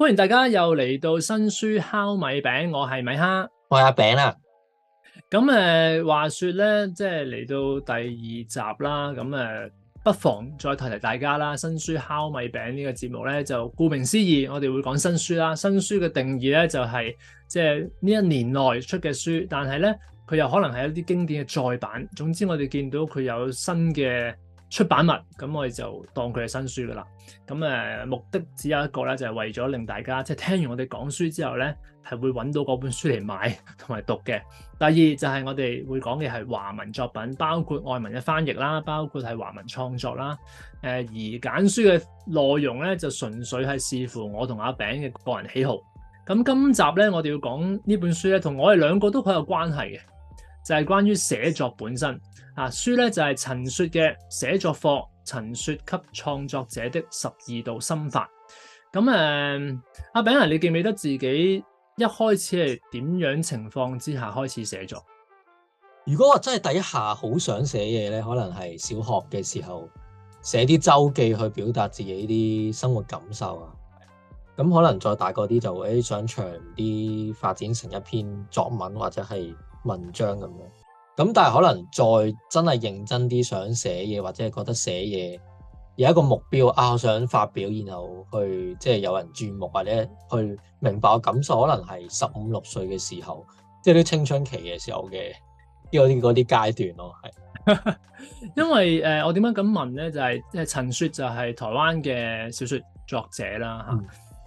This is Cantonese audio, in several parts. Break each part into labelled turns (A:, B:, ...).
A: 歡迎大家又嚟到新書烤米餅，我係米哈，我係阿餅啦、啊。咁誒，話說咧，即係嚟到第二集啦。咁誒，不妨再提提大家啦。新書烤米餅呢個節目咧，就顧名思義，我哋會講新書啦。新書嘅定義咧、就係，就係即係呢一年內出嘅書，但係咧，佢又可能係一啲經典嘅再版。總之，我哋見到佢有新嘅。出版物，咁我哋就當佢係新書噶啦，咁誒目的只有一個咧，就係為咗令大家即係、就是、聽完我哋講書之後咧，係會揾到嗰本書嚟買同埋讀嘅。第二就係我哋會講嘅係華文作品，包括外文嘅翻譯啦，包括係華文創作啦。誒、呃、而揀書嘅內容咧，就純粹係視乎我同阿餅嘅個人喜好。咁今集咧，我哋要講呢本書咧，同我哋兩個都好有關係嘅，就係、是、關於寫作本身。啊書咧就係、是、陳雪嘅寫作課，陳雪給創作者的十二道心法。咁誒、嗯，阿炳啊，你記唔記得自己一開始係點樣情況之下開始寫作？如果我真係第
B: 一下好想寫嘢咧，可能係小學嘅時候寫啲周記去表達自己啲生活感受啊。咁可能再大個啲就會想長啲發展成一篇作文或者係文章咁樣。咁但係可能再真係認真啲想寫嘢，或者係覺得寫嘢有一個目標啊，我想發表，然後去即係、就是、有人注目，或者去明白我感受，可能係十五六歲嘅時候，即係啲青春期嘅時候嘅嗰啲嗰啲階段咯。係，
A: 因為誒我點樣咁問咧？就係即係陳雪就係台灣嘅小說作者啦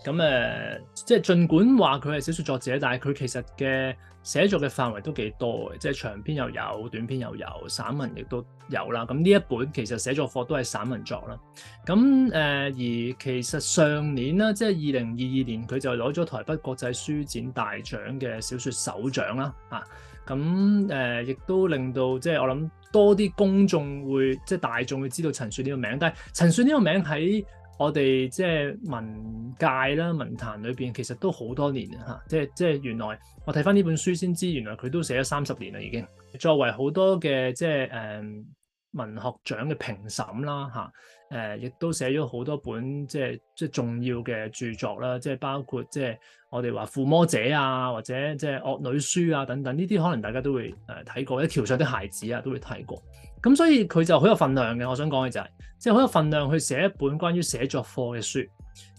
A: 嚇。咁誒、嗯，即係儘管話佢係小說作者，但係佢其實嘅。寫作嘅範圍都幾多嘅，即係長篇又有，短篇又有，散文亦都有啦。咁呢一本其實寫作課都係散文作啦。咁誒、呃，而其實上年啦，即係二零二二年，佢就攞咗台北國際書展大獎嘅小説首獎啦。啊，咁、呃、亦都令到即係我諗多啲公眾會，即係大眾會知道陳雪呢個名。但係陳雪呢個名喺。我哋即係文界啦、文壇裏邊，其實都好多年嚇，即係即係原來我睇返呢本書先知，原來佢都寫咗三十年啦已經了了，作為好多嘅即係誒文學獎嘅評審啦嚇，誒亦都寫咗好多本即係即係重要嘅著作啦，即係包括即係我哋話附魔者啊，或者即係惡女書啊等等，呢啲可能大家都會誒睇過，一橋上的孩子啊都會睇過。咁所以佢就好有分量嘅，我想講嘅就係、是，即係好有分量去寫一本關於寫作課嘅書。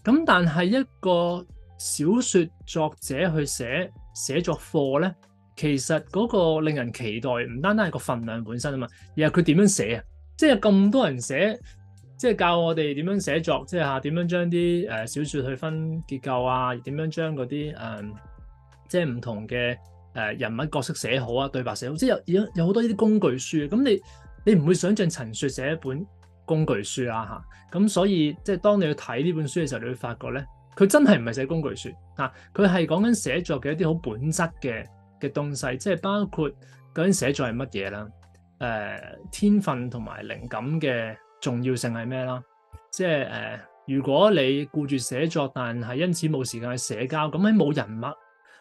A: 咁但係一個小說作者去寫寫作課咧，其實嗰個令人期待唔單單係個分量本身啊嘛，而係佢點樣寫啊？即係咁多人寫，即係教我哋點樣寫作，即係嚇點樣將啲誒小說去分結構啊？點樣將嗰啲誒即係唔同嘅誒人物角色寫好啊？對白寫好，即係有有有好多呢啲工具書咁你。你唔會想象陳雪寫一本工具書啊。嚇，咁所以即係當你去睇呢本書嘅時候，你會發覺咧，佢真係唔係寫工具書啊！佢係講緊寫作嘅一啲好本質嘅嘅東西，即係包括究竟寫作係乜嘢啦？誒、呃，天分同埋靈感嘅重要性係咩啦？即係誒、呃，如果你顧住寫作，但係因此冇時間去社交，咁喺冇人物、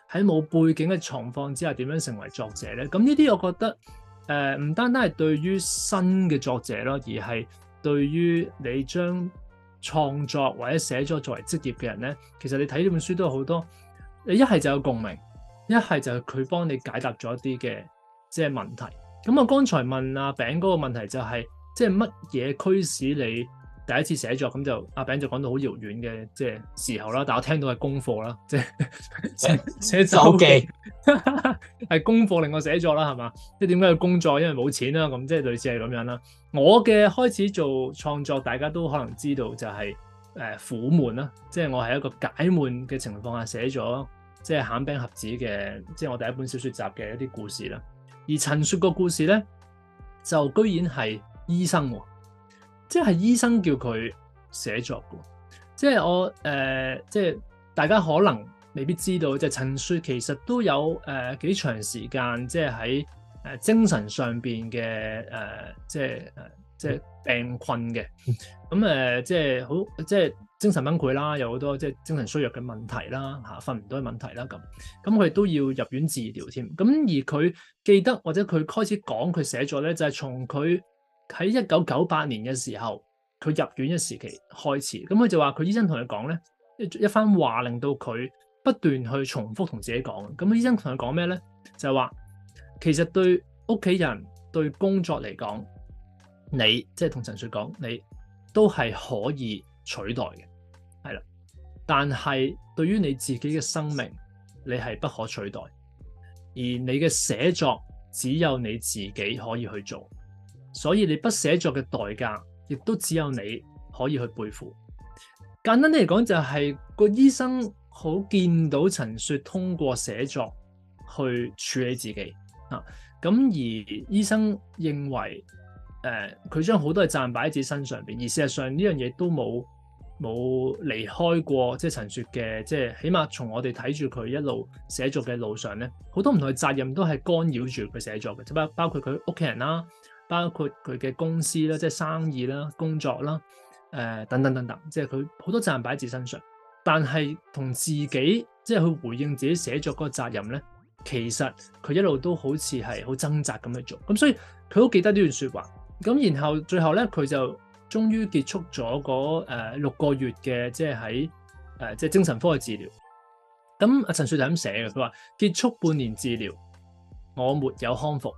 A: 喺冇背景嘅狀況之下，點樣成為作者咧？咁呢啲我覺得。誒唔、呃、單單係對於新嘅作者咯，而係對於你將創作或者寫作作為職業嘅人咧，其實你睇呢本書都有好多，一係就有共鳴，一係就係佢幫你解答咗一啲嘅即係問題。咁我剛才問阿餅嗰個問題就係、係，即係乜嘢驅使你？第一次寫作，咁就阿餅就講到好遙遠嘅即係時候啦，但我聽到係功課啦，即、就、係、是、喂 寫手作記，係 功課令我寫作啦，係嘛？即係點解要工作？因為冇錢啦、啊，咁即係類似係咁樣啦、啊。我嘅開始做創作，大家都可能知道就係、是、誒、呃、苦悶啦、啊，即、就、係、是、我係一個解悶嘅情況下寫咗即係《餡餅盒子的》嘅，即係我第一本小説集嘅一啲故事啦、啊。而陳雪個故事咧，就居然係醫生喎、啊。即係醫生叫佢寫作嘅，即係我誒、呃，即係大家可能未必知道，即係陳雪其實都有誒、呃、幾長時間，即係喺誒精神上面嘅誒，即係、呃、即係病困嘅，咁誒即係好即係精神崩潰啦，有好多即係精神衰弱嘅問題啦，嚇瞓唔到嘅問題啦咁，咁佢都要入院治療添。咁而佢記得或者佢開始講佢寫作呢，就係從佢。喺一九九八年嘅時候，佢入院嘅時期開始，咁佢就話佢醫生同佢講咧，一一番話令到佢不斷去重複同自己講。咁啊，醫生同佢講咩咧？就係話，其實對屋企人、對工作嚟講，你即係同陳雪講，你都係可以取代嘅，係啦。但係對於你自己嘅生命，你係不可取代，而你嘅寫作只有你自己可以去做。所以你不寫作嘅代價，亦都只有你可以去背負。簡單啲嚟講，就係個醫生好見到陳雪通過寫作去處理自己啊。咁而醫生認為，誒佢將好多嘅責任擺喺自己身上邊，而事實上呢樣嘢都冇冇離開過即係陳雪嘅，即係起碼從我哋睇住佢一路寫作嘅路上咧，好多唔同嘅責任都係干擾住佢寫作嘅，即係包括佢屋企人啦。包括佢嘅公司啦，即係生意啦、工作啦、誒、呃、等等等等，即係佢好多責任擺喺自身上。但係同自己，即係去回應自己寫作嗰個責任咧，其實佢一路都好似係好掙扎咁去做。咁所以佢好記得呢段說話，咁然後最後咧，佢就終於結束咗嗰誒六個月嘅即係喺誒即係精神科嘅治療，咁阿陳雪就咁寫嘅，佢話結束半年治療，我沒有康復。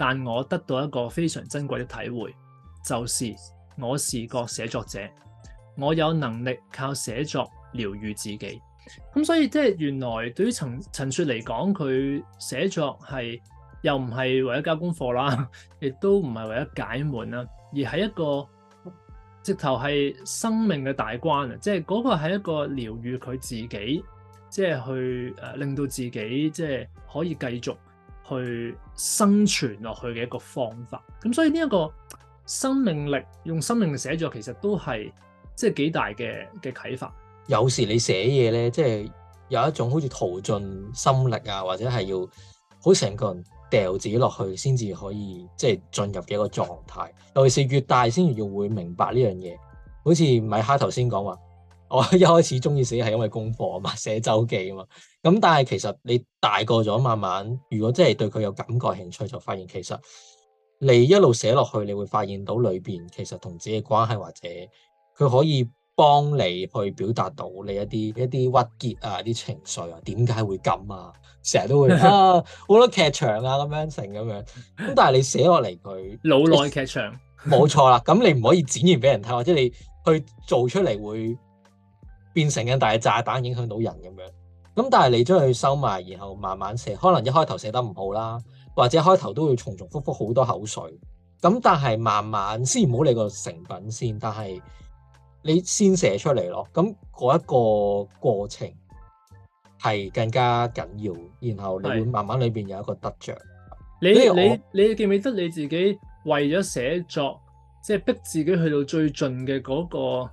A: 但我得到一個非常珍貴的體會，就是我是個寫作者，我有能力靠寫作療癒自己。咁所以即係原來對於陳陳雪嚟講，佢寫作係又唔係為咗交功課啦，亦都唔係為咗解悶啦，而係一個直頭係生命嘅大關啊！即係嗰個係一個療癒佢自己，即係去誒令到自己即係可以繼續。去生存落去嘅一個方法，咁所以呢一個生命力用生命寫作，其實都係即係幾大嘅嘅啟發。有時你寫嘢咧，即係有一種好似掏盡
B: 心力啊，或者係要好成個人掉自己落去，先至可以即係進入嘅一個狀態。尤其是越大，先至要會明白呢樣嘢。好似米哈頭先講話。我一開始中意寫係因為功課啊嘛，寫周記啊嘛。咁但係其實你大個咗，慢慢如果真係對佢有感覺興趣，就發現其實你一路寫落去，你會發現到裏邊其實同自己嘅關係，或者佢可以幫你去表達到你一啲一啲鬱結啊、啲情緒為什麼啊，點解會咁 啊？成日都會啊好多劇場啊咁樣成咁樣。咁但係你寫落嚟佢腦內劇場，冇 錯啦。咁你唔可以展現俾人睇，或者你去做出嚟會，變成嘅大炸彈影響到人咁樣，咁但係你將佢收埋，然後慢慢寫，可能一開頭寫得唔好啦，或者一開頭都會重重複複好多口水。咁但係慢慢，先唔好理個成品先，但係你先寫出嚟咯。咁嗰一個過程係更加
A: 緊要，然後你會慢慢裏邊有一個得着，是。你。你你你記唔記得你自己為咗寫作，即係逼自己去到最盡嘅嗰個？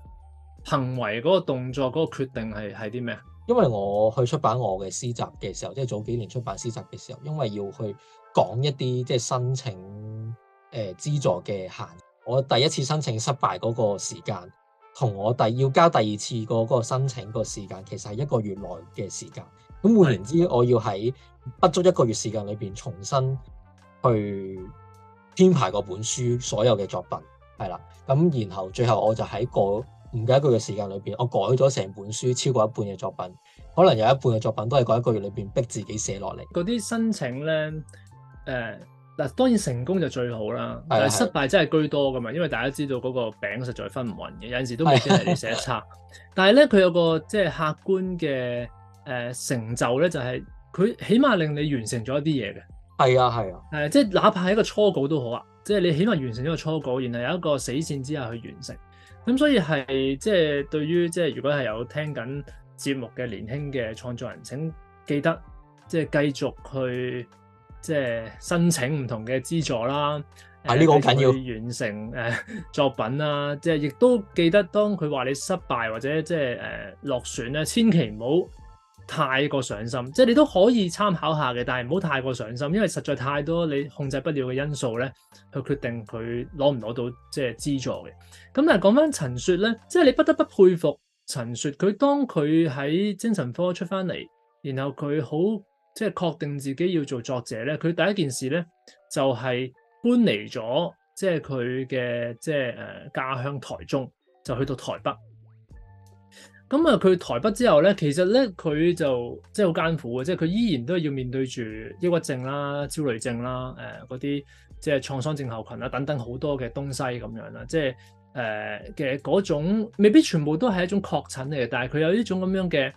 A: 行為嗰個動作、嗰個決定係係啲咩？因為我去出版我嘅詩集
B: 嘅時候，即係早幾年出版詩集嘅時候，因為要去講一啲即係申請誒、呃、資助嘅限，我第一次申請失敗嗰個時間，同我第要交第二次嗰個申請個時間，其實係一個月內嘅時間。咁換言之，的我要喺不足一個月時間裏邊重新去編排嗰本書所有嘅作品，係啦。咁然後最後我就喺個。唔夠一個月的時間裏邊，我改咗成本書超過一半嘅作品，可能有一半嘅作品都係改一個月裏
A: 邊逼自己寫落嚟。嗰啲申請咧，誒、呃、嗱當然成功就最好啦，但係失敗真係居多噶嘛，因為大家知道嗰個餅實在分唔勻嘅，有陣時都未必係你寫得差。 但係咧，佢有個即係客觀嘅誒、呃、成就咧，就係、是、佢起碼令你完成咗一啲嘢嘅。係啊，係啊，誒、呃、即係哪怕係一個初稿都好啊，即係你起碼完成咗個初稿，然後有一個死線之下去完成。咁所以係即係對於即係如果係有聽緊節目嘅年輕嘅創作人，請記得即係繼續去即係申請唔同嘅資助啦。啊，呢個好緊要！完成誒作品啦，即係亦都記得當佢話你失敗或者即係誒落選咧，千祈唔好，太過上心，即係你都可以參考下嘅，但係唔好太過上心，因為實在太多你控制不了嘅因素咧，去決定佢攞唔攞到即係資助嘅。咁但係講翻陳雪咧，即係你不得不佩服陳雪，佢當佢喺精神科出翻嚟，然後佢好即係確定自己要做作者咧，佢第一件事咧就係、是、搬離咗，即係佢嘅即係誒家鄉台中，就去到台北。咁啊，佢台北之後咧，其實咧佢就即係好艱苦嘅，即係佢依然都係要面對住抑鬱症啦、焦慮症啦、嗰、呃、啲即係創傷症候群啦等等好多嘅東西咁樣啦，即係嘅嗰種未必全部都係一種確診嚟嘅，但係佢有呢種咁樣嘅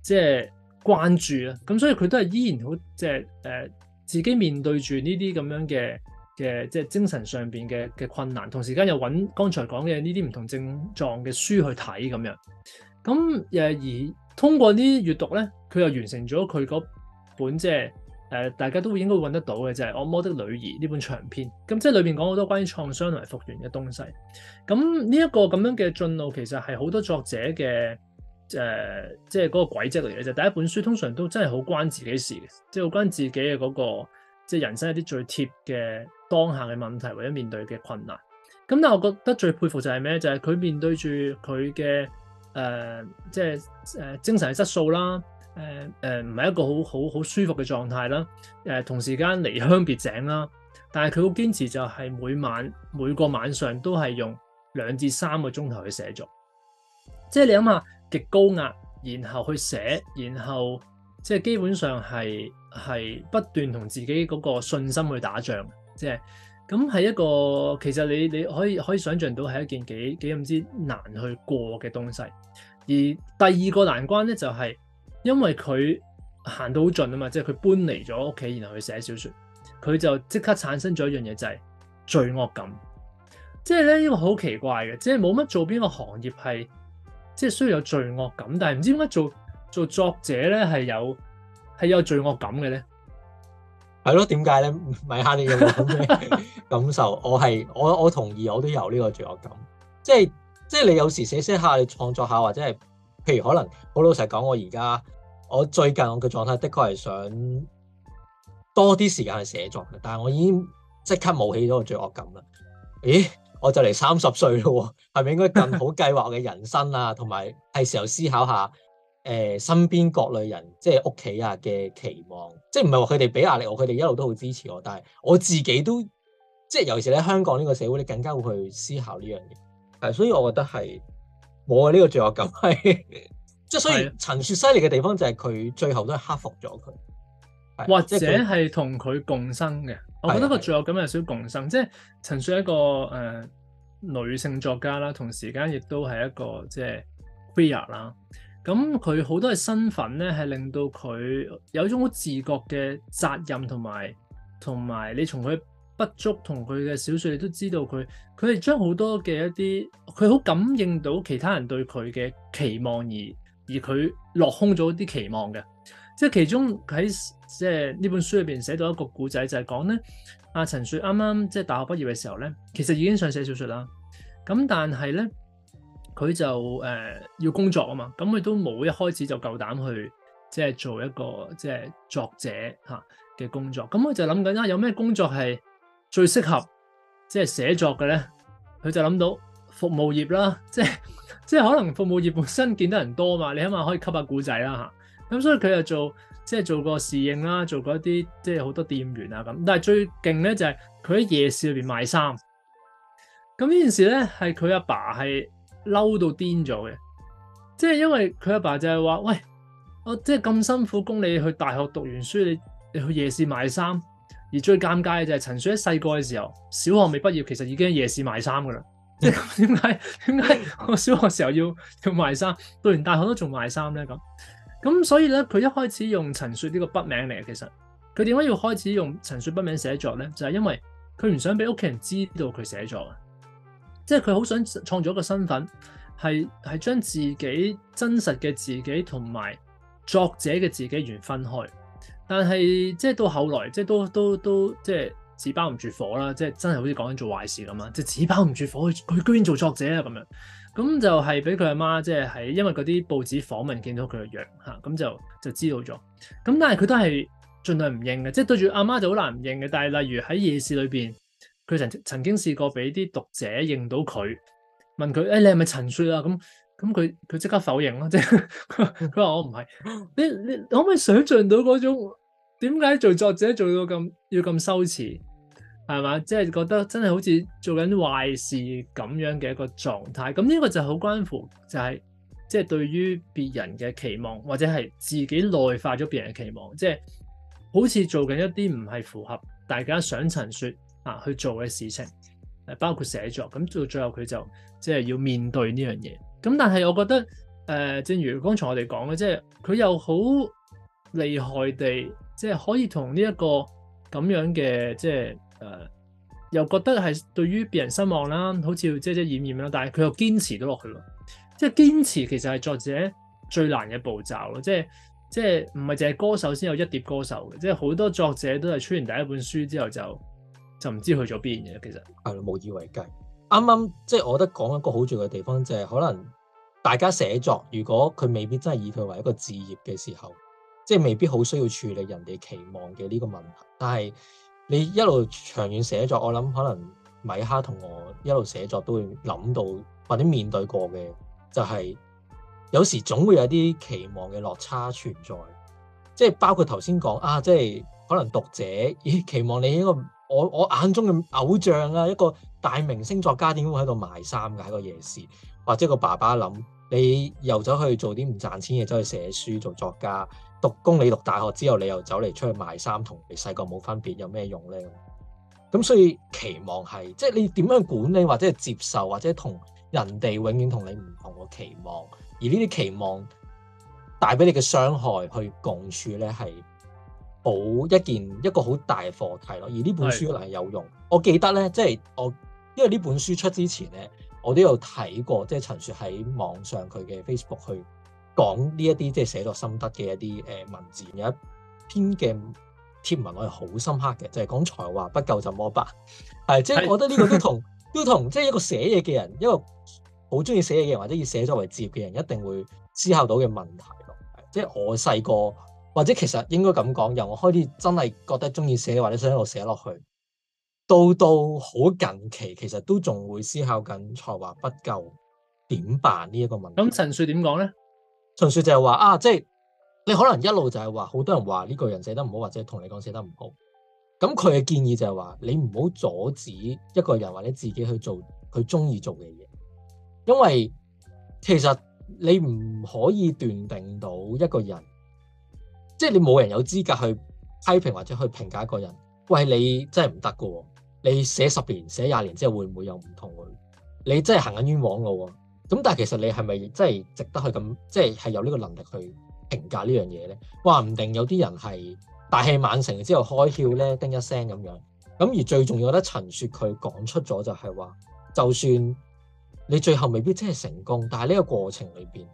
A: 即係關注啊，咁所以佢都係依然好即係、呃、自己面對住呢啲咁樣嘅嘅即係精神上面嘅嘅困難，同時間又揾剛才講嘅呢啲唔同症狀嘅書去睇咁樣。咁誒而通過啲閱讀咧，佢又完成咗佢嗰本即係、呃、大家都會應該會揾得到嘅就係、是《惡魔的女兒》呢本長篇。咁即係裏面講好多關於創傷同埋復原嘅東西。咁呢一個咁樣嘅進路其實係好多作者嘅即係嗰個軌跡嚟嘅。就是就是、第一本書通常都真係好關自己事，即係好關自己嘅嗰、那個即係、就是、人生一啲最貼嘅當下嘅問題或者面對嘅困難。咁但我覺得最佩服就係咩？就係、是、佢面對住佢嘅。誒、呃、即係誒、呃、精神嘅質素啦，誒誒唔係一個好好好舒服嘅狀態啦，誒、呃、同時間離鄉別井啦，但係佢會堅持就係每晚每個晚上都係用兩至三個鐘頭去寫作，即係你諗下極高壓，然後去寫，然後即係基本上係係不斷同自己嗰個信心去打仗，即係。咁係一個，其實你你可以可以想象到係一件幾幾咁之難去過嘅東西。而第二個難關咧就係、是，因為佢行到好盡啊嘛，即係佢搬離咗屋企，然後去寫小說，佢就即刻產生咗一樣嘢，就係、是、罪惡感。即係咧呢個好奇怪嘅，即係冇乜做邊個行業係，即係需要有罪惡感，但係唔知點解做做作者咧係有係有罪惡感嘅咧？
B: 係咯？點解咧？米哈你嘅。 感受我係，我我同意，我都有呢個罪惡感，即係即係你有時寫寫下，你創作下，或者係譬如可能好老實講，我而家我最近我嘅狀態的確係想多啲時間去寫作嘅，但係我已經即刻冒起咗個罪惡感啦。咦？我就嚟三十歲咯，係咪應該更好計劃我嘅人生啊？同埋係時候思考一下，誒、呃、身邊各類人，即係屋企啊嘅期望，即係唔係話佢哋俾壓力我，佢哋一路都好支持我，但係我自己都。即係尤其是咧，香港呢個社會，你更加會去思考呢樣嘢。係，所以我覺得係我嘅呢個罪惡感係，即 係所以陳雪犀利嘅地方就係佢最後都係克服咗
A: 佢，或者係同佢共生嘅。的我覺得個罪惡感係少少共生，是的，是的，即係陳雪一個誒、呃、女性作家啦，同時間亦都係一個即係 queer 啦。咁佢好多嘅身份咧，係令到佢有一種好自覺嘅責任同埋同埋你從佢。不足同佢嘅小説，你都知道佢，佢係將好多嘅一啲，佢好感應到其他人對佢嘅期望而，而佢落空咗一啲期望嘅。即係其中喺即係呢本書裏面寫到一個故仔，就係講咧，阿陳雪啱啱即係大學畢業嘅時候咧，其實已經想寫小説啦。咁但係咧，佢就、呃、要工作啊嘛，咁佢都冇一開始就夠膽去即係做一個即係作者嘅工作。咁佢就諗緊啦，有咩工作係？最適合即係寫作嘅咧，佢就諗到服務業啦，即係即係可能服務業本身見得人多嘛，你起碼可以吸下古仔啦吓。咁所以佢又做即係做過侍應啦，做過一啲即係好多店員啊咁。但係最勁咧就係佢喺夜市裏邊賣衫。咁呢件事咧係佢阿爸係嬲到癲咗嘅，即係因為佢阿爸，爸就係話，喂，我即係咁辛苦供你去大學讀完書，你你去夜市賣衫。而最尷尬嘅就係陳雪喺細個嘅時候，小學未畢業，其實已經喺夜市賣衫噶啦。即係點解點解我小學時候要要賣衫，讀完大學都仲賣衫咧？咁咁所以咧，佢一開始用陳雪呢個筆名嚟嘅。其實佢點解要開始用陳雪筆名寫作咧？就係因為佢唔想俾屋企人知道佢寫作，即係佢好想創造一個身份，係係將自己真實嘅自己同埋作者嘅自己完分開。但係即係到後來，即係都都都即係紙包唔住火啦！即係真係好似講緊做壞事咁啊！即係紙包唔住火，佢居然做作者啊咁樣，咁就係俾佢阿媽，媽即係喺因為嗰啲報紙訪問見到佢嘅樣嚇，咁、啊、就就知道咗。咁但係佢都係盡量唔認嘅，即係對住阿媽，媽就好難唔認嘅。但係例如喺夜市裏邊，佢曾曾經試過俾啲讀者認到佢，問佢：，誒、欸、你係咪陳雪啊？咁咁佢佢即刻否認咯，即係佢話我唔係。你你可唔可以想像到嗰種點解做作者做到咁要咁羞恥係嘛？即係、就是、覺得真係好似做緊壞事咁樣嘅一個狀態。咁呢個就好關乎就係即係對於別人嘅期望，或者係自己內化咗別人嘅期望，即、就、係、是、好似做緊一啲唔係符合大家想陳說啊去做嘅事情。誒包括寫作，咁到最後佢就即係、就是、要面對呢樣嘢。咁但係我覺得誒、呃，正如剛才我哋講嘅，即係佢又好厲害地，即、就、係、是、可以同呢一個咁樣嘅，即係誒又覺得係對於別人失望啦，好似遮遮掩掩啦，但係佢又堅持到落去咯。即、就、係、是、堅持其實係作者最難嘅步驟咯。即係即係唔係淨係歌手先有一碟歌手嘅，即係好多作者都係出完第一本書之後就。就唔知去咗邊嘅，其實係咯，無以為繼。
B: 啱啱即係我覺得講一個好重要嘅地方，就係可能大家寫作，如果佢未必真係以佢為一個事業嘅時候，即係未必好需要處理人哋期望嘅呢個問題。但係你一路長遠寫作，我諗可能米哈同我一路寫作都會諗到，或者面對過嘅，就係有時總會有啲期望嘅落差存在。即係包括頭先講啊，即係可能讀者也期望你呢個。我我眼中嘅偶像啊，一個大明星作家點會喺度賣衫㗎？喺個夜市，或者個爸爸諗，你又走去做啲唔賺錢嘢，又走去寫書做作家，讀工你讀大學之後，你又走嚟，出去賣衫，同你細個冇分別，有咩用咧？咁所以期望係，即係你點樣管理，或者係接受，或者跟人跟同人哋永遠同你唔同嘅期望，而呢啲期望帶俾你嘅傷害去共處咧，係。好一件一個好大課題咯，而呢本書可能有用。是我記得咧，即、就、係、是、我因為呢本書出之前咧，我都有睇過，即、就、係、是、陳雪喺網上佢嘅 Facebook 去講呢一啲即係寫作心得嘅一啲誒文字。有一篇嘅貼文我係好深刻嘅，就係、是、講才華不夠怎麼辦。係即係我覺得呢個跟是都同都同即係一個寫嘢嘅人， 一個好中意寫嘢嘅人或者以寫作為職業嘅人一定會思考到嘅問題咯。即係、就是、我細個。或者其實應該咁講，由我開始真係覺得中意寫，或者想一路寫落去，到到好近期，其實都仲會思考緊才華不夠點辦呢一個問題。咁陳雪點講咧？陳雪就係話啊，即係你可能一路就係話，好多人話呢個人寫得唔好，或者同你講寫得唔好。咁佢嘅建議就係話，你唔好阻止一個人或者自己去做佢中意做嘅嘢，因為其實你唔可以斷定到一個人。即係你冇人有資格去批評，評或者去評價一個人。喂，你真係唔得嘅，你寫十年、寫廿年之後會唔會有唔同嘅？你真係行緊冤枉路喎。咁但係其實你係咪真係值得去咁即係係有呢個能力去評價呢樣嘢呢？話唔定有啲人係大器晚成之後開竅呢，叮一聲咁樣。咁而最重要覺得陳雪佢講出咗就係話，就算你最後未必真係成功，但係呢個過程裏邊。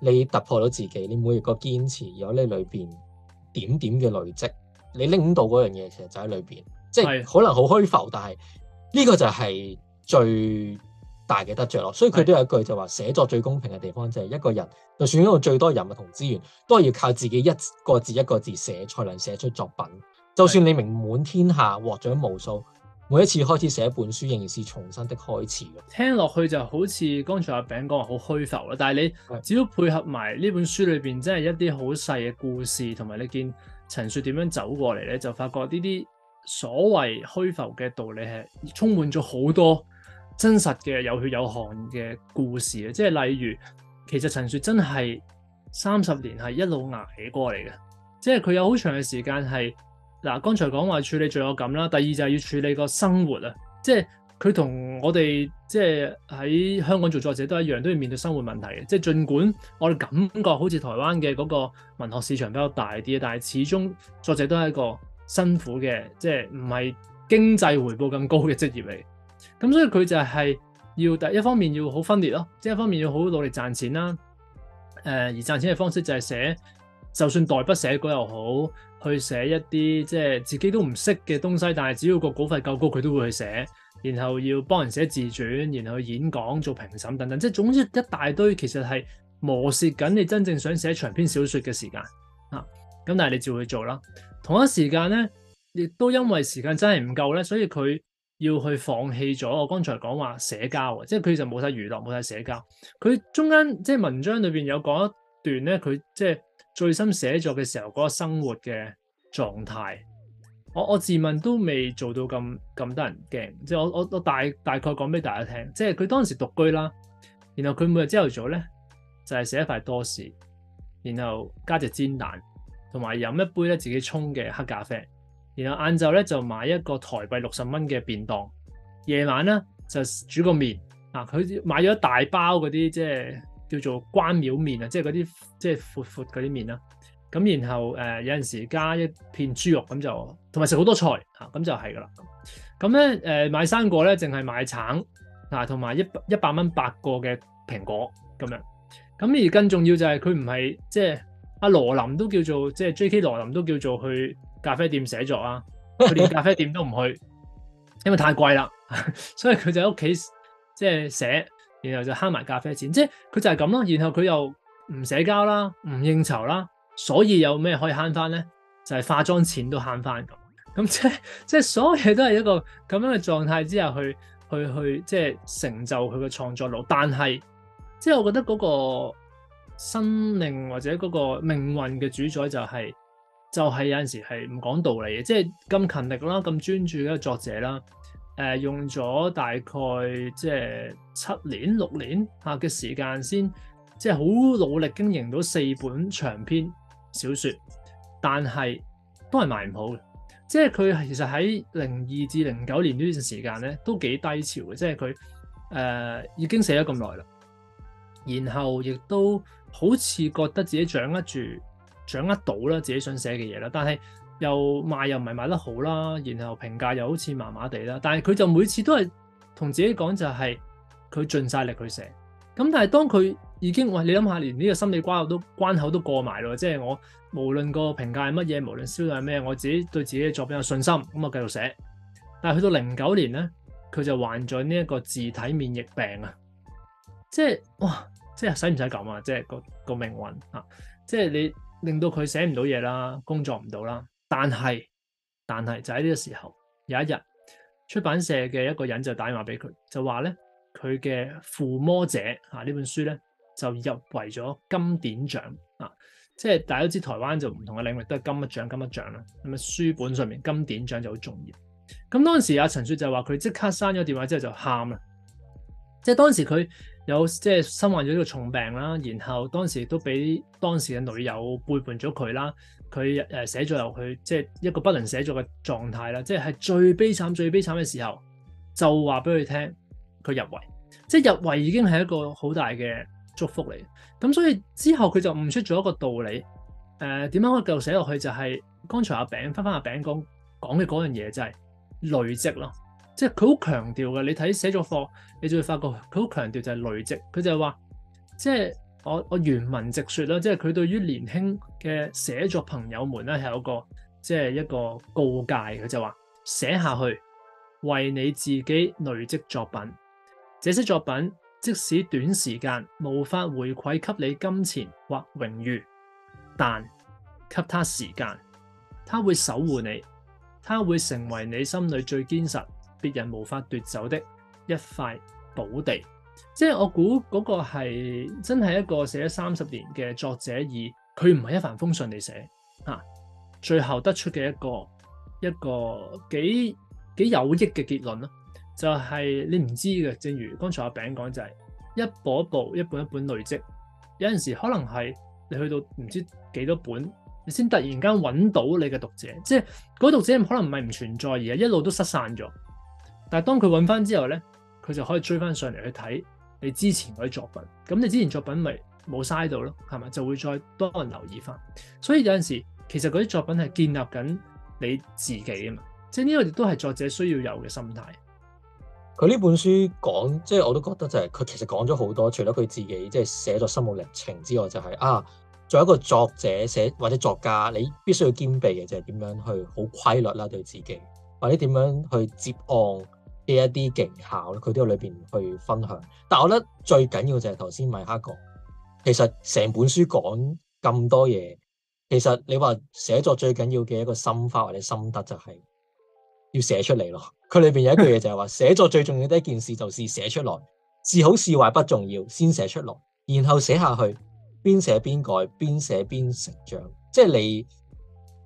B: 你突破到自己，你每一個堅持有你裏邊點點嘅累積，你拎到嗰樣嘢，其實就喺裏邊，即係可能好虛浮，但係呢個就係最大嘅得着咯。所以佢都有一句就話：寫作最公平嘅地方就係一個人，就算用最多人物同資源，都係要靠自己一個字一個字寫，才能寫出作品。就算你名滿天下，獲獎無數。每一次開始寫
A: 一本書，仍然是重新的開始的。聽落去就好似剛才阿餅講話好虛浮啦，但係你只要配合埋呢本書裏邊真係一啲好細嘅故事，同埋你見陳雪點樣走過嚟咧，就發覺呢啲所謂虛浮嘅道理係充滿咗好多真實嘅有血有汗嘅故事啊！即係例如，其實陳雪真係三十年係一路捱起過嚟嘅，即係佢有好長嘅時間係。嗱，剛才講話處理罪惡感啦，第二就係要處理個生活啊，即係佢同我哋即係喺香港做作者都一樣，都要面對生活問題嘅。即係儘管我哋感覺好似台灣嘅嗰個文學市場比較大啲，但係始終作者都係一個辛苦嘅，即係唔係經濟回報咁高嘅職業嚟。咁所以佢就係要第一方面要好分裂囉，即係一方面要好努力賺錢啦。誒，而賺錢嘅方式就係寫，就算代筆寫稿又好。去寫一啲即係自己都唔識嘅東西，但係只要個稿費夠高，佢都會去寫。然後要幫人寫自傳，然後去演講、做評審等等，即係總之一大堆，其實係磨蝕緊你真正想寫長篇小説嘅時間啊。咁但係你照去做啦。同一時間咧，亦都因為時間真係唔夠咧，所以佢要去放棄咗。我剛才講話社交即係佢就冇晒娛樂，冇晒社交。佢中間即係文章裏面有講一段咧，佢即係。最新寫作嘅時候嗰個生活嘅狀態，我我自問都未做到咁咁得人驚，即係我我我大大概講俾大家聽，即係佢當時獨居啦，然後佢每日朝頭早咧就係食一塊多士，然後加隻煎蛋，同埋飲一杯咧自己沖嘅黑咖啡，然後晏晝咧就買一個台幣六十蚊嘅便當，夜晚咧就煮個麵，啊，佢買咗一大包嗰啲即係。叫做關廟麵啊，即係嗰啲即係闊闊嗰啲麵啦。咁然後誒、呃，有陣時加一片豬肉咁就，同埋食好多菜啊。咁就係噶啦。咁咧誒，買生果咧淨係買橙，啊，同埋一一百蚊八個嘅蘋果咁樣。咁而更重要就係佢唔係即係阿羅琳都叫做即係、就是、J.K. 羅琳都叫做去咖啡店寫作啊。佢連咖啡店都唔去，因為太貴啦。 所以佢就喺屋企即係寫。就是寫然後就慳埋咖啡錢，即係佢就係咁咯。然後佢又唔社交啦，唔應酬啦，所以有咩可以慳翻咧？就係化妝錢都慳翻咁。咁即係即係所有嘢都係一個咁樣嘅狀態之下，去去去即係成就佢嘅創作路。但係即係我覺得嗰個生命或者嗰個命運嘅主宰就係就係有陣時係唔講道理嘅，即係咁勤力啦，咁專注嘅一個作者啦。誒、呃、用咗大概即係七年六年吓嘅時間，先即係好努力經營到四本長篇小説，但係都係賣唔好嘅。即係佢其實喺零二至零九年呢段時間咧，都幾低潮嘅。即係佢誒已經寫咗咁耐啦，然後亦都好似覺得自己掌握住。掌握到啦，自己想寫嘅嘢啦，但係又賣又唔係賣得好啦，然後評價又好似麻麻地啦，但係佢就每次都係同自己講就係佢盡晒力去寫，咁但係當佢已經哇，你諗下，連呢個心理關口都關口都過埋咯，即係我無論個評價係乜嘢，無論銷量係咩，我自己對自己嘅作品有信心，咁啊繼續寫。但係去到零九年咧，佢就患咗呢一個自體免疫病是是是啊，即係哇，即係使唔使咁啊？即係個個命運啊，即係你。令到佢寫唔到嘢啦，工作唔到啦。但係但係就喺呢個時候，有一日出版社嘅一個人就打電話俾佢，就話咧佢嘅《附魔者》啊呢本書咧就入圍咗金典獎啊！即係大家都知道台灣就唔同嘅領域都係金乜獎金乜獎啦。咁啊書本上面金典獎就好重要。咁當時阿、啊、陳雪就話佢即刻刪咗電話之後就喊啦，即係當時佢。有即係身患咗呢個重病啦，然後當時都俾當時嘅女友背叛咗佢啦，佢誒寫咗入去，即係一個不能寫作嘅狀態啦，即係最悲慘、最悲慘嘅時候，就話俾佢聽佢入圍，即係入圍已經係一個好大嘅祝福嚟。咁所以之後佢就悟出咗一個道理，誒點樣可以繼續寫落去，就係剛才阿餅翻翻阿餅講講嘅嗰樣嘢，就係累積咯。即係佢好強調嘅，你睇寫作課，你就會發覺佢好強調就係累積。佢就係話，即係我我原文直説啦，即係佢對於年輕嘅寫作朋友們咧，係有個即係一個告誡。佢就話寫下去，為你自己累積作品。這些作品即使短時間無法回饋給你金錢或榮譽，但給他時間，他會守護你，他會成為你心裏最堅實。別人無法奪走的一塊寶地，即係我估嗰個係真係一個寫咗三十年嘅作者，而佢唔係一帆風順地寫吓，最後得出嘅一個一個幾幾有益嘅結論咯，就係、是、你唔知嘅。正如剛才阿餅講、就是，就係一步一步，一本一本累積，有陣時候可能係你去到唔知幾多本，你先突然間揾到你嘅讀者，即係嗰啲讀者可能唔係唔存在，而係一路都失散咗。但係當佢揾翻之後咧，佢就可以追翻上嚟去睇你之前嗰啲作品，咁你之前作品咪冇嘥到咯，係咪？就會再多人留意翻，所以有陣時其實嗰啲作品係建立緊你自己啊嘛，即係呢個亦都係作者需要有嘅心態。
B: 佢呢本書講，即係我都覺得就係佢其實講咗好多，除咗佢自己即係寫咗心路歷程之外，就係啊，作為一個作者寫或者作家，你必須要兼備嘅就係點樣去好規律啦，對自己，或者點樣去接案。嘅一啲技巧咧，佢都要裏邊去分享。但我覺得最緊要就係頭先米哈講，其實成本書講咁多嘢，其實你話寫作最緊要嘅一個心法或者心得就係要寫出嚟咯。佢裏邊有一句嘢就係話，寫作最重要的一件事就是寫出來，是好是壞不重要，先寫出來，然後寫下去，邊寫邊改，邊寫邊成長，即係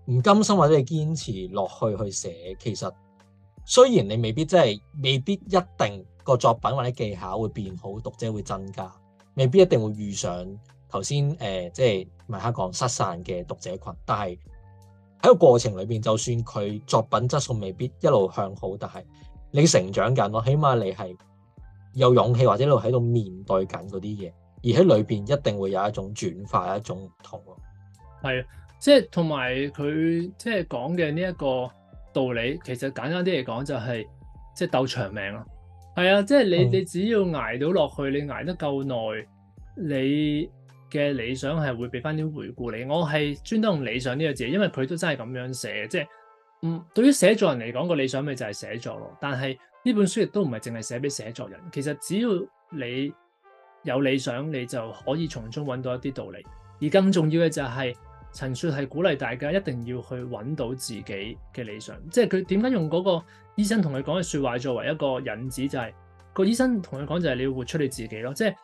B: 你唔甘心或者你堅持落去去寫，其實。雖然你未必真係，未必一定個作品或者技巧會變好，讀者會增加，未必一定會遇上頭先誒，即係米哈講失散嘅讀者群。但係喺個過程裏邊，就算佢作品質素未必一路向好，但係你成長緊咯，起碼你係有勇氣或者一路喺度面對緊嗰啲嘢，而喺裏邊一定會有一種轉化，一種唔同咯。
A: 係，即係同埋佢即係講嘅呢一個。道理其實簡單啲嚟講就係即係鬥長命咯，係啊，即係你、嗯、你只要捱到落去，你捱得夠耐，你嘅理想係會俾翻啲回顧你。我係專登用理想呢個字，因為佢都真係咁樣寫，即係嗯對於寫作人嚟講、個理想咪就係寫作咯。但係呢本書亦都唔係淨係寫俾寫作人，其實只要你有理想，你就可以從中揾到一啲道理。而更重要嘅就係、是。陳雪係鼓勵大家一定要去揾到自己嘅理想，即係佢點解用嗰個醫生同佢講嘅説話作為一個引子，就係、是、個醫生同佢講就係你要活出你自己咯，即係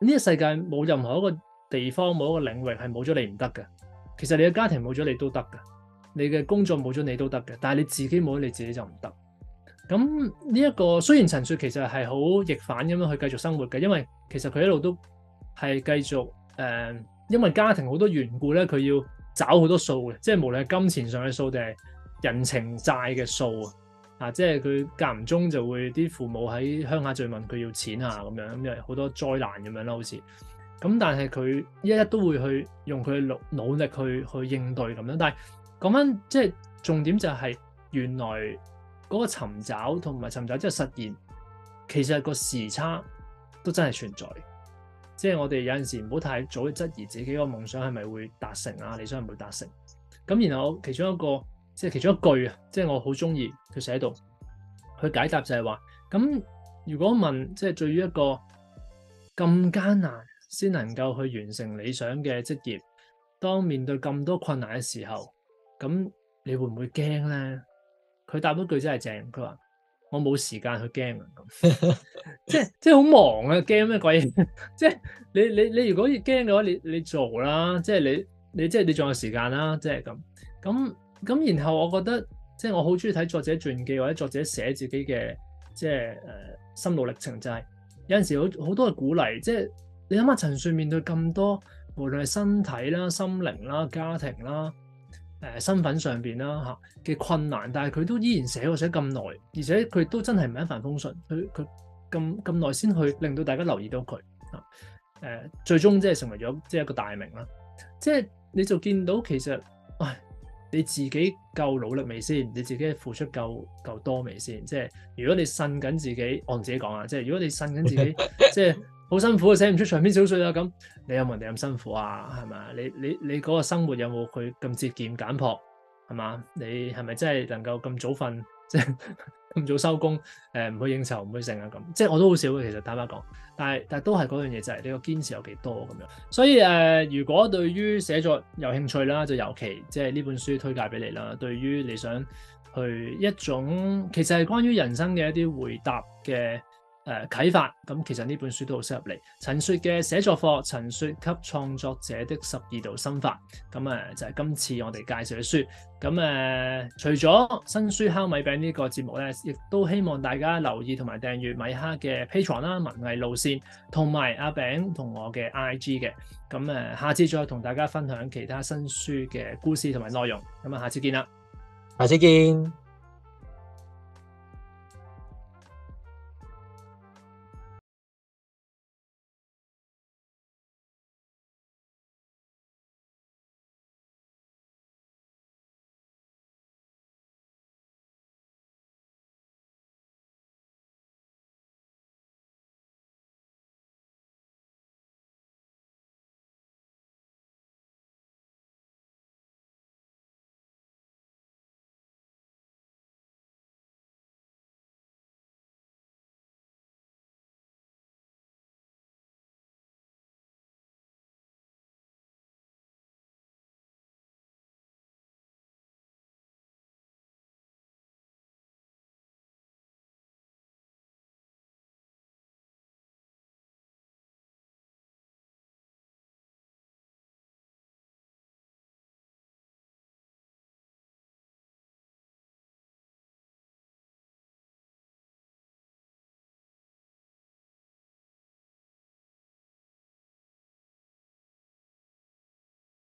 A: 呢個世界冇任何一個地方冇一個領域係冇咗你唔得嘅，其實你嘅家庭冇咗你都得嘅，你嘅工作冇咗你都得嘅，但係你自己冇咗你自己就唔得。咁呢一個雖然陳雪其實係好逆反咁樣去繼續生活嘅，因為其實佢一路都係繼續誒。呃因為家庭好多緣故咧，佢要找好多數嘅，即係無論係金錢上嘅數，定係人情債嘅數啊。啊，即係佢間唔中就會啲父母喺鄉下就問佢要錢啊咁樣，因為好多災難咁樣啦，好似咁。但係佢一一都會去用佢嘅努努力去去應對咁樣。但係講翻即係重點就係原來嗰個尋找同埋尋找即係實現，其實個時差都真係存在。即係我哋有陣時唔好太早質疑自己個夢想係咪會達成啊？理想係咪會達成？咁然後其中一個即係其中一句啊，即係我好中意佢寫到，佢解答就係話：咁如果問即係對於一個咁艱難先能夠去完成理想嘅職業，當面對咁多困難嘅時候，咁你會唔會驚咧？佢答咗句真係正佢話。我冇時間去驚啊咁即係即係好忙啊驚咩鬼？即係你你你如果要驚嘅話，你你做啦！即係你你即係你仲有時間啦！即係咁咁咁。然後我覺得即係我好中意睇作者傳記或者作者寫自己嘅即係誒、呃、心路歷程，就係、是、有陣時好好多嘅鼓勵。即係你諗下，陳雪面對咁多，無論係身體啦、心靈啦、家庭啦。誒身份上邊啦嚇嘅困難，但係佢都依然寫我寫咁耐，而且佢都真係唔係一帆風順，佢佢咁咁耐先去令到大家留意到佢，誒最終即係成為咗即係一個大名啦，即係你就見到其實，唉你自己夠努力未先？你自己付出夠夠多未先？即係如果你信緊自己，我同自己講啊，即係如果你信緊自己，即係。好辛，辛苦啊，寫唔出長篇小說啦咁。你有冇人哋咁辛苦啊？係咪啊？你你你嗰個生活有冇佢咁節儉簡樸？係嘛？你係咪真係能夠咁早瞓？即係咁早收工？誒、呃，唔去應酬，唔去成啊咁。即係我都好少嘅，其實坦白講。但係但係都係嗰樣嘢就係、是、你個堅持有幾多咁樣。所以誒、呃，如果對於寫作有興趣啦，就尤其即係呢本書推介俾你啦。對於你想去一種，其實係關於人生嘅一啲回答嘅。誒啟發咁，其實呢本書都好適合你。陳雪嘅寫作課《陳雪給創作者的十二道心法》，咁啊就係今次我哋介紹嘅書。咁誒，除咗新書烤米餅呢個節目咧，亦都希望大家留意同埋訂閱米哈嘅 Patreon 啦、文藝路線同埋阿餅同我嘅 IG 嘅。咁誒，下次再同大家分享其他新書嘅故事同埋內容。咁啊，下次見啦，下次見。